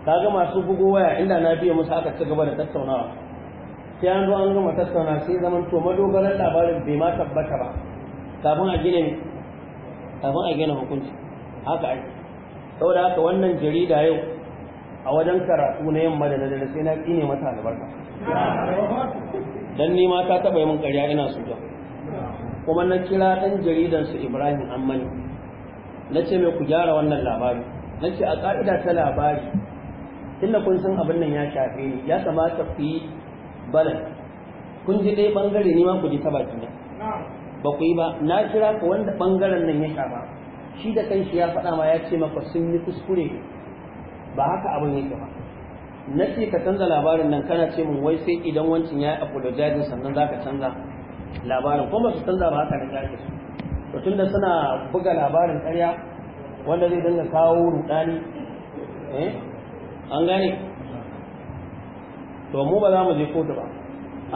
kaga masu bugo waya inda na biya musu aka ci gaba da tattaunawa sai an zo an gama tattauna sai zaman to madogaran labarin bai ma tabbata ba kafin a gina kafin a gina hukunci haka ake saboda haka wannan jarida yau a wajen karatu na yamma da dare sai na kine mata albarka dan ni ma ta taba yi mun ƙarya ina so kuma na kira ɗan jaridansu ibrahim ammani na ce mai ku gyara wannan labari na ce a ƙa'ida ta labari inda kun san abin nan ya shafe ni ya kamata ku yi balan kun ji dai ɓangare ne ma ku ji ta baki ne ba ku yi ba na kira ku wanda ɓangaren nan ya shafa shi da kanshi ya faɗa ma ya ce maka sun yi kuskure ba haka abin yake ba na ce ka canza labarin nan kana ce min wai sai idan wancan ya yi apologizing sannan za ka canza labarin kuma su canza ba haka da su, to tunda suna buga labarin ƙarya wanda zai dinga kawo rudani eh an gane to mu ba za mu je kotu ba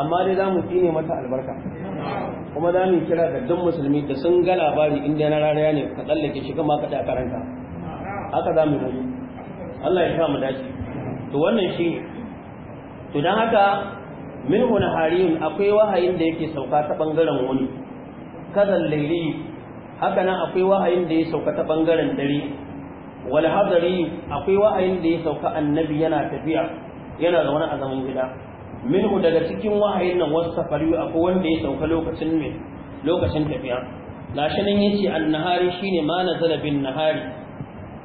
amma dai za mu tsine mata albarka kuma za mu kira ga duk musulmi da sun ga labari inda na rariya ne ka tsallake shi kuma ka karanta haka za mu yi Allah ya sa mu dace to wannan shi to dan haka minhu nahariyun akwai wahayin da yake sauka ta bangaren wani kazal laili haka nan akwai wahayin da ya sauka ta bangaren dare wal hadari akwai wahayin da ya sauka annabi yana tafiya yana zaune a zaman gida minhu daga cikin wahayin nan wasu safari akwai wanda ya sauka lokacin ne lokacin tafiya gashi nan yace annahari shine ma nazala bin nahari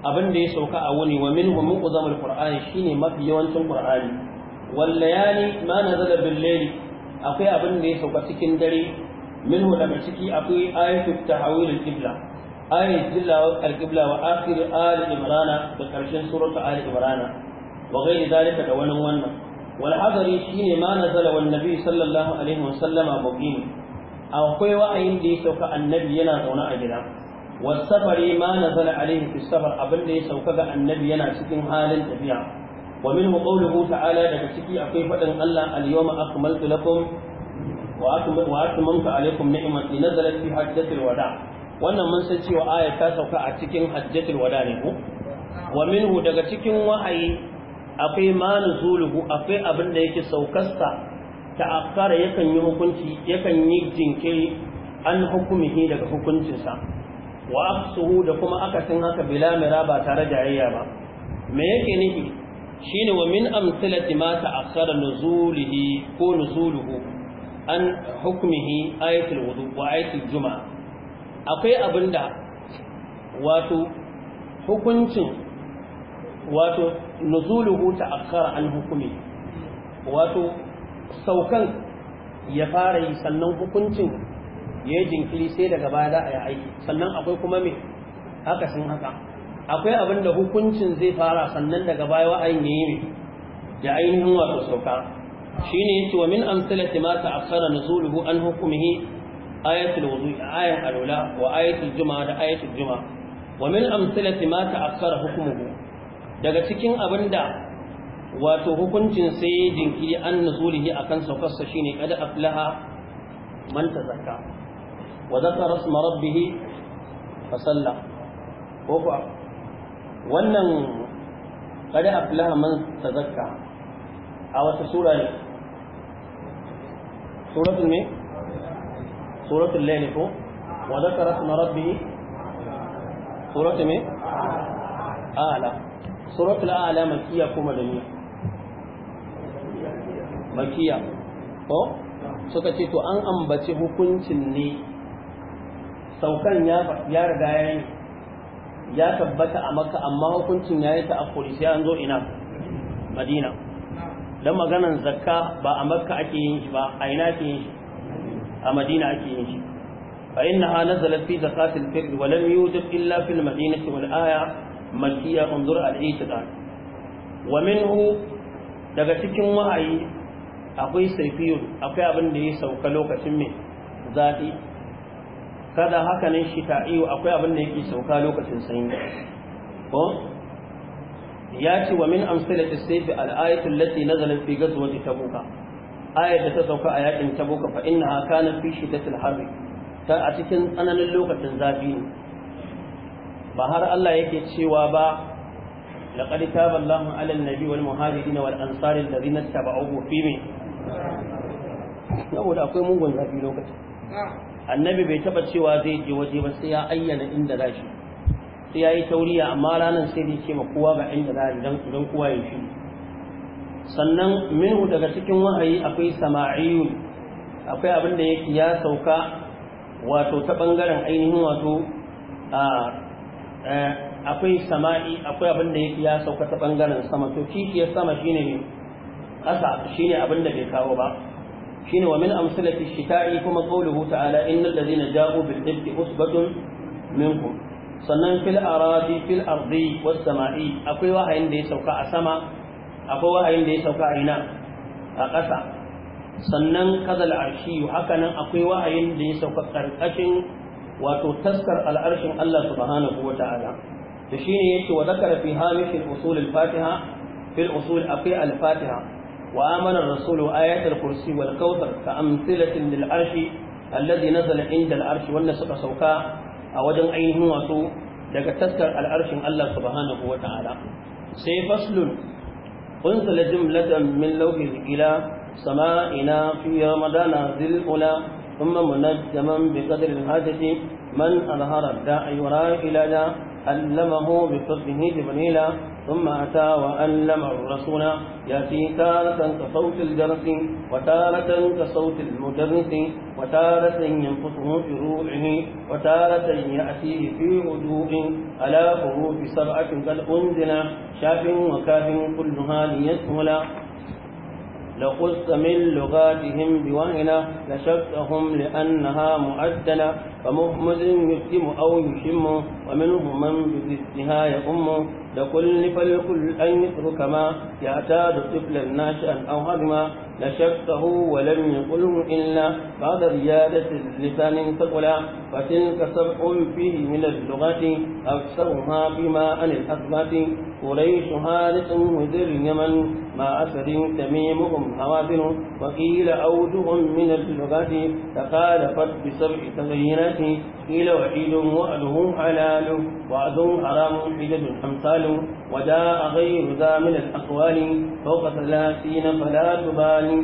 abin da ya sauka a wuni wa minhu muqzamul qur'ani shine mafi yawancin qur'ani wallayali ma nazala bil layli akwai abin da ya sauka cikin dare minhu daga ciki akwai ayatu tahawil al qibla ayat jilla al qibla wa akhir al imrana da karshen surata al imrana wa ghairi zalika da wannan wannan wal hadari shine ma nazala wan nabi sallallahu alaihi wa sallama muqim akwai wa'ayin da ya sauka annabi yana zaune a gida والسفر ما نزل safar abin da ya sauka ga annabi yana cikin halin tafiya. wa minhu qawluhu ta'ala daga ciki akwai fadin Allah al-yawma akmaltu lakum wa atmamtu alaykum ni'mati nazalat fi hajjatil wada wannan mun san cewa aya ta sauka a cikin hajjatil wada ne ko wa minhu daga cikin wahayi akwai ma nuzuluhu akwai abin da yake saukarsa ta'akkara yakan yi hukunci yakan yi jinkiri an hukumihi daga hukuncinsa wa aqsuhu da kuma akasin haka bila mira ba tare da yayya ba me yake nufi shine wa min amsalati ma ta'akhkhara nuzulihi ko nuzuluhu an hukmihi ayatul wudu wa ayatul juma akwai abinda wato hukuncin wato nuzuluhu ta'akhkhara an hukmi wato saukan ya fara yi sannan hukuncin ya yi jinkiri sai daga baya za a yi aiki sannan akwai kuma me haka sun haka akwai abin da hukuncin zai fara sannan daga baya wa'ayin ya yi da ainihin wato sauka Shi ne yace wa min amsalati ma ta'akhkhara nuzuluhu an hukmihi ayatul a ayatul alula wa ayatul juma da ayatul juma. wa min amsalati a ta'akhkhara hukmuhu daga cikin abin da wato hukuncin sai jinkiri an a kan saukarsa shi ne kada aflaha man tazakka wa dhakara isma rabbih fa salla ko kuwa wannan qad aflaha man tazakka a wata sura ne suratul me suratul layl ko wa dhakara isma rabbi suratul ne a'la suratul a'la makiya kuma da ni makiya ko suka ce to an ambaci hukuncin ne saukan ya riga ya yi ya tabbata a maka amma hukuncin ya yi ta'akuri sai an zo ina madina don maganan zakka ba a makka ake yin shi ba a ina ake yin shi a madina ake yin shi fa innaha nazalat fi zakatil fitr wa lam yujad illa fil madinati wal aya makkiya unzur al itiqad wa minhu daga cikin wahayi akwai saifiyun akwai abin da ya sauka lokacin mai zafi kada haka ne iyo, akwai abin da yake sauka lokacin sanyi ko ya ce wa min amsalati sayfi al-ayatu allati nazalat fi ghazwati tabuk ayat da ta sauka a yakin tabuk fa innaha kanat fi shidatil harri ta a cikin tsananin lokacin zafi ne ba har Allah yake cewa ba laqad taba Allahu 'ala an-nabi wal muhajirin wal ansar alladhina tabauhu fi min saboda akwai mugun zafi lokacin annabi bai taba cewa zai je waje ba sai ya ayyana inda za shi sai ya yi tauriya amma ranar sai bai ce ma kowa ga inda za idan idan kowa ya shi sannan minhu daga cikin wahayi akwai sama'iyun akwai abin da yake ya sauka wato ta bangaren ainihin wato akwai sama'i akwai abin da yake ya sauka ta bangaren sama to kishiyar sama shine ne ƙasa shine abin da bai kawo ba shine wa min amsalati shita'i kuma qawluhu ta'ala innal ladhina ja'u bil ifki usbatun minkum sannan fil aradi fil ardi was sama'i akwai wahayin da ya sauka a sama akwai wahayin da ya sauka a ina a ƙasa sannan kazal arshi haka nan akwai wahayin da ya sauka karkashin wato taskar al'arshin Allah subhanahu wa ta'ala to shine yace wa zakara fi hamish al usul al fatiha fil usul akwai al fatiha وآمن الرسول آية الكرسي والكوثر كأمثلة للعرش الذي نزل عند العرش والنسق سوكا أوجن أينه وسو لك تذكر العرش الله سبحانه وتعالى سيفصل أنزل جملة من لوح إلى سمائنا في رمضان ذي الأولى ثم منجما بقدر الحاجة من أظهر الداعي وراء إلى علمه بفضله جبريل ثم أتى وألم الرسول يأتي تارة كصوت الجرس وتارة كصوت المدرس وتارة ينقصه في روعه وتارة يأتيه في هدوء على حروف سبعة بل أنزل شاف وكاف كلها ليسهل لقلت من لغاتهم بوهنة لشبتهم لأنها معدلة فمهمل يتم أو يشم ومنهم من بذلها يقم لكل فلكل أن يترك ما يعتاد طفلا ناشئا أو هضما لشبته ولم يقله إلا بعد زيادة لسان ثقلا فتلك سبع فيه من اللغات أكثرها بما عن الأثبات قريش هارس وذر يمن مع أسد تميمهم حوافر وقيل أودهم من اللغة تخالفت بسبع تبينات قيل وحيد وأله حلال وعدو حرام حجج حمثال وداء غير ذا من الأقوال فوق ثلاثين فلا تبالي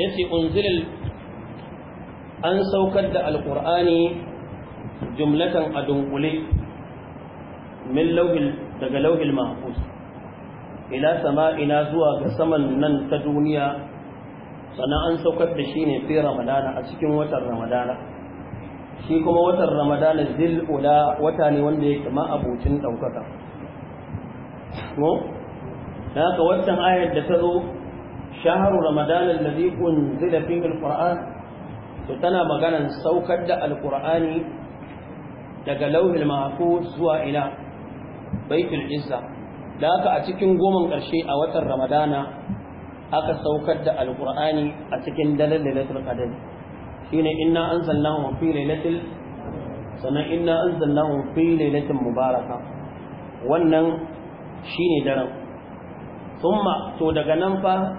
يسي أنزل أنسو saukar القرآن جملة jumlatan a dunkule min daga lauhil mahfuz ila ina zuwa ga saman nan ta duniya sannan an saukar da shi ne fi ramadana a cikin watan ramadana shi kuma watan ramadana ula wata ne wanda ya kama abocin ɗaukaka ko da haka wannan ayar da ta zo shaharu ramadana kun zila fi alquran to tana maganan saukar da alqurani daga lauhil mahfuz zuwa ila baitul izza da haka a cikin goma ƙarshe a watan ramadana aka saukar da alƙur'ani a cikin dalar lailatul qadr shine inna anzalnahu fi lailatul sannan inna anzalnahu fi lailatin mubaraka wannan shine daren thumma to daga nan fa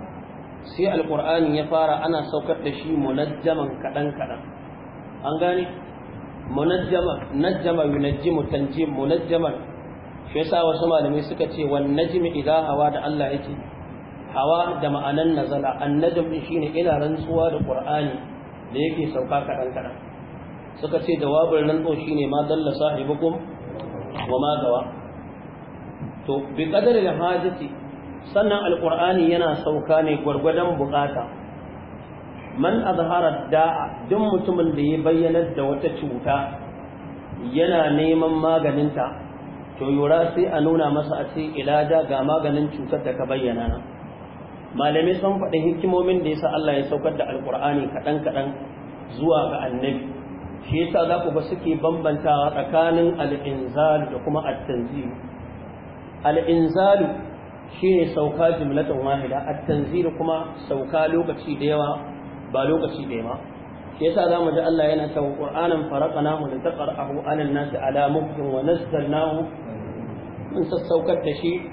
sai alƙur'ani ya fara ana saukar da shi munajjaman kaɗan-kaɗan? an gane munajjama najjama yunajjimu tanjim munajjaman shi yasa wasu malamai suka ce wan najmi idza hawa da Allah yake hawa da ma'anan nazala annajm din shine ina rantsuwa da qur'ani da yake sauka kadan kadan suka ce jawabin rantsuwa shine ma dalla sahibukum wa ma gawa to bi qadari da hajati sannan alqur'ani yana sauka ne gwargwadon bukata man azhara da'a duk mutumin da ya bayyana da wata cuta yana neman maganinta to yura sai a nuna masa a ce ilaja ga maganin cutar da ka bayyana nan malamai sun faɗin hikimomin da yasa Allah ya saukar da alkur'ani kaɗan kaɗan zuwa ga annabi shi yasa za ku ga suke bambantawa tsakanin al'inzalu da kuma at-tanzilu shi shine sauka jumlatan wahida at tanzil kuma sauka lokaci da yawa ba lokaci da yawa yasa mu ji Allah yana cewa Qur'anan faraqnahu li taqra'ahu 'ala an-nasi 'ala muktin wa nazzalnahu mun sassaukar da shi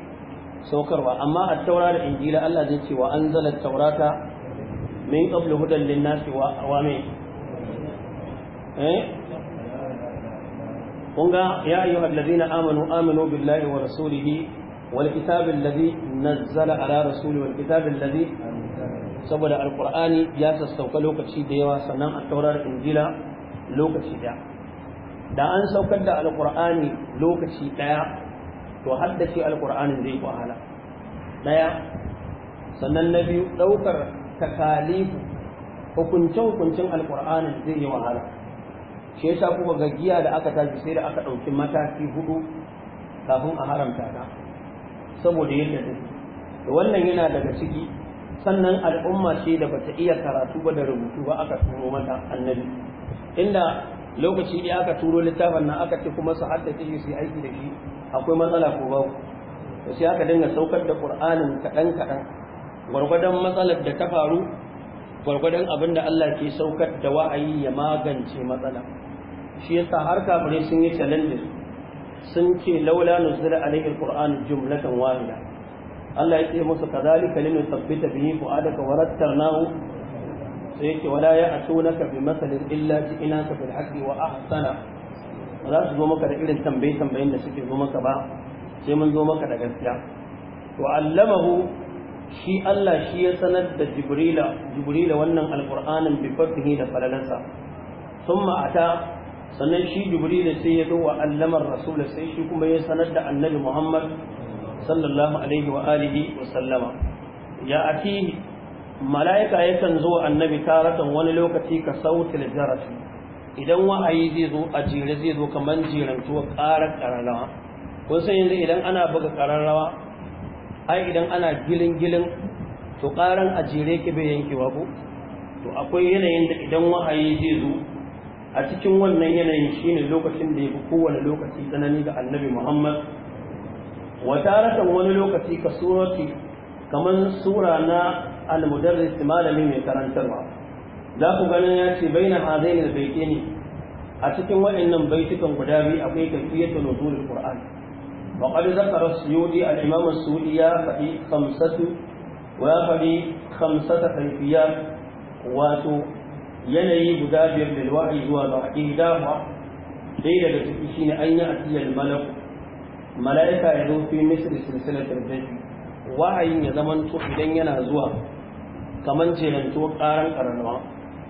saukarwa amma a taura da injila Allah zai ce wa an at-taurata min qablu hudan lin-nasi wa awami eh kunga ya ayyuhal ladina amanu aminu billahi wa rasulihi wal kitabil ladhi nazzala ala rasuli wal kitabil ladhi saboda alkur'ani ya sassauka lokaci da yawa sannan a taurar injila lokaci daya da an saukar da alkur'ani lokaci daya to haddace alkur'anin zai wahala daya sannan na biyu daukar takalifu hukunce hukuncin alkur'anin zai yi wahala shi yasa kuma gaggiya da aka tafi sai da aka dauki mataki hudu kafin a haramta ta saboda yadda da wannan yana daga ciki sannan al'umma ce da bata iya karatu ba da rubutu ba aka turo mata annabi inda lokaci ɗaya aka turo littafin nan aka ce kuma su haddace shi su aiki da shi akwai matsala ko ba to sai aka dinga saukar da qur'anin kaɗan kaɗan gwargwadon matsalar da ta faru gwargwadon abin da Allah ke saukar da wa'ayi ya magance matsala shi yasa har kafirai sun yi challenge sun ce laula nuzila alaihi alquran jumlatan wahida Allah ya ce musu kadhalika lin tabbita bihi daga wa nahu. sai yake wala ya ya'tunaka bi masalin illa ji'naka bil haqqi wa a ahsana ba za su zo maka da irin tambaye tambayen da suke zo maka ba sai mun zo maka da gaskiya wa allamahu shi Allah shi ya sanar da jibrila jibrila wannan alqur'anin bi fatihi da falalansa thumma ata sannan shi Jibrila sai ya zo wa allamar rasul sai shi kuma ya sanar da annabi muhammad sallallahu alaihi wa alihi wa sallama ya ati mala'ika yakan zo annabi taratan wani lokaci ka sautil jarati idan wa'ayi zai zo a jere zai zo kamar jirantuwa ƙarar ƙararrawa kun san yanzu idan ana buga ƙararrawa ai idan ana gilin gilin to ƙaran a jere ki bai yankewa ko to akwai yanayin da idan wa'ayi zai zo a cikin wannan yanayin shine lokacin da ya fi kowane lokaci tsanani ga annabi Muhammad wataratan wani lokaci ka surati kamar sura na al-mudarris malami mai karantarwa za ku ganin ya ce baina hazaini da baike ne a cikin waɗannan baitukan guda biyu akwai kafiyatu nuzulul qur'an wa qad zakara suyudi al-imam as-sudi ya faɗi khamsatu wa ya khamsata wato yanayi guda biyar da wa'yi zuwa ga dai daga ciki shine an yi atiyal malaku mala'ika ya zo fi misri silsilatul dafi wahayin ya zaman to idan yana zuwa kaman jelanto karan karanawa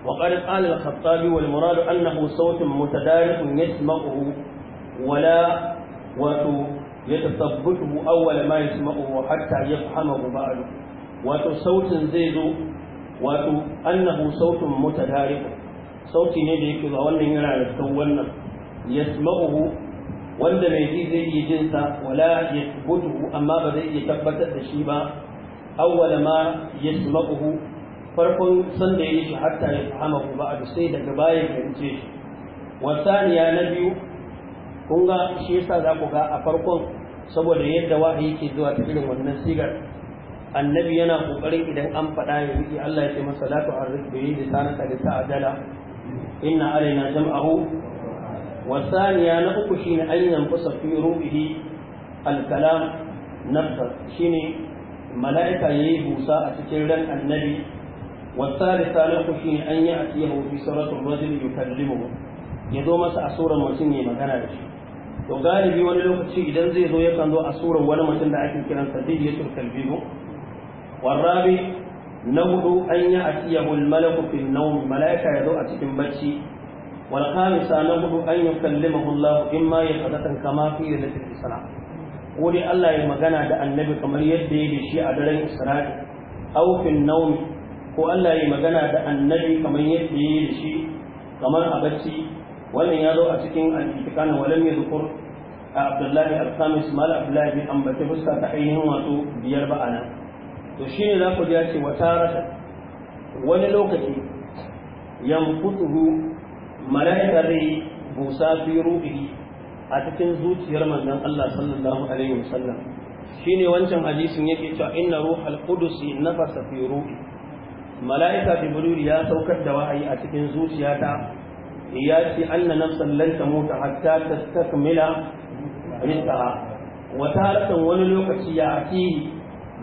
wa qad qala al-khattabi wal murad annahu sawtun mutadarikun yasma'uhu wala wato yatasabbatuhu awwala ma yasma'uhu hatta yafhamahu ba'du wato sautin zai zo wato annahu sautun mutadarikun sauti ne da yake ga wannan yana da wannan yasma'uhu wanda mai ji zai yi jinsa wala ya gudu amma ba zai iya tabbatar da shi ba awwala ma ya sumaquhu farkon san da yake hatta ya fahama ku ba a sai daga baya ya rike shi wasaniya na biyu kun ga shi yasa za ku ga a farkon saboda yadda wahayi yake zuwa ta irin wannan sigar annabi yana kokarin idan an faɗa ya riƙe Allah ya ce masa la tu'arrik bi lisanaka li ta'dala inna alaina jam'ahu والثانية نقول حين أن ينقص في روحه الكلام نفسه شيني ملائكة يبوسا أتكرا النبي والثالثة نقول حين أن يأتيه في سورة الرجل يكلمه يدوم سأسورة مسيني مكانا لشيء to galibi wani lokaci idan zai zo yakan zo a surar wani mutum da ake kiran sa dai yasul kalbibu warabi na hudu an yi asiyahu malaku fil nawm malaika yazo a cikin bacci والخامسة نقول أن يكلمه الله إما يقظة كما في ليلة الإسراء قولي الله يمغنى دا النبي كما يدي بشيء أدرين إسراء أو في النوم ko Allah ya magana da annabi kamar yadda ya da shi kamar a bacci wannan ya zo a cikin al-itqan walam yadhkur Abdullahi al-Khamis mal Abdullahi bin fuska ta ainihin wato biyar ba anan to shine za ku ce wata wani lokaci yamfutuhu mala'ikar rai busa fi a cikin zuciyar manzon Allah sallallahu alaihi wasallam shine wancan hadisin yake cewa inna ruhal qudus nafasa fi ruhi mala'ika jibril ya saukar da wahayi a cikin zuciyata ya ce anna nafsan lan tamuta hatta tastakmila rizqaha wata harkan wani lokaci ya akihi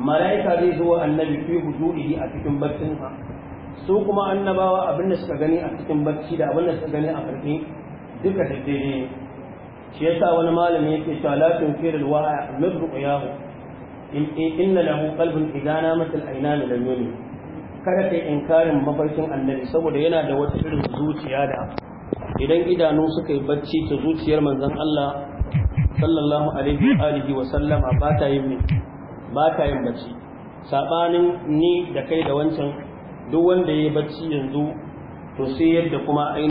mala'ika zai zo annabi fi iri a cikin barcinsa su kuma annabawa abin da suka gani a cikin barci da abin da suka gani a farke duka daidai shi yasa wani malami yake cewa la tunfir al wa'a min ru'yahu inna lahu qalbun idza namat al aynan lam yuni kada kai inkarin mafarkin annabi saboda yana da wata irin zuciya da idan idanu suka yi barci ta zuciyar manzon Allah sallallahu alaihi wa alihi wa sallama ba ta yin ba ta yin barci sabanin ni da kai da wancan duk wanda ya yi bacci yanzu to sai yadda kuma